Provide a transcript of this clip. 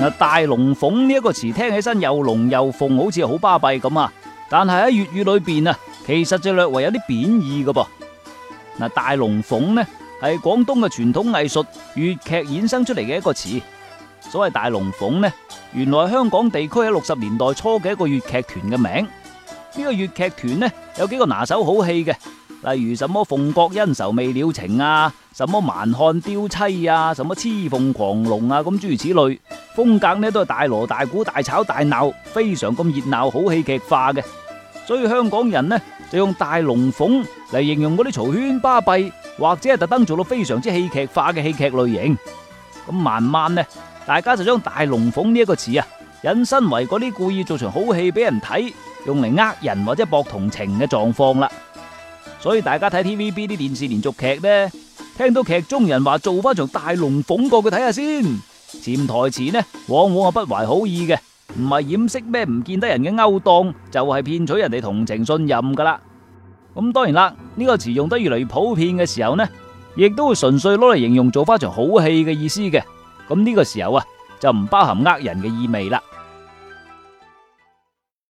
嗱，大龍鳳呢一個詞，聽起身又龍又鳳，好似好巴閉咁啊！但係喺粵語裏邊啊，其實就略為有啲貶義嘅噃。嗱，大龍鳳呢係廣東嘅傳統藝術粵劇，衍生出嚟嘅一個詞。所謂大龍鳳呢，原來香港地區喺六十年代初嘅一個粵劇團嘅名。呢個粵劇團呢，有幾個拿手好戲嘅。例如什麼鳳閣恩仇未了情啊，什麼蠻漢嬌妻啊，什麼雌鳳狂龍啊，咁諸如此類，風格呢都係大鑼大鼓、大吵大鬧，非常咁熱鬧，好戲劇化嘅。所以香港人呢就用大龍鳳嚟形容嗰啲嘈喧巴閉，或者係特登做到非常之戲劇化嘅戲劇類型。咁慢慢呢，大家就將大龍鳳呢一個詞啊引申為嗰啲故意做成好戲俾人睇，用嚟呃人或者博同情嘅狀況啦。所以大家睇 T V B 啲電視連續劇呢，聽到劇中人話做翻場大龍鳳，過去睇下先看看。潛台詞呢，往往係不懷好意嘅，唔係掩飾咩唔見得人嘅勾當，就係、是、騙取人哋同情信任噶啦。咁、嗯、當然啦，呢、這個詞用得越嚟越普遍嘅時候呢，亦都會純粹攞嚟形容做翻場好戲嘅意思嘅。咁、嗯、呢、這個時候啊，就唔包含呃人嘅意味啦。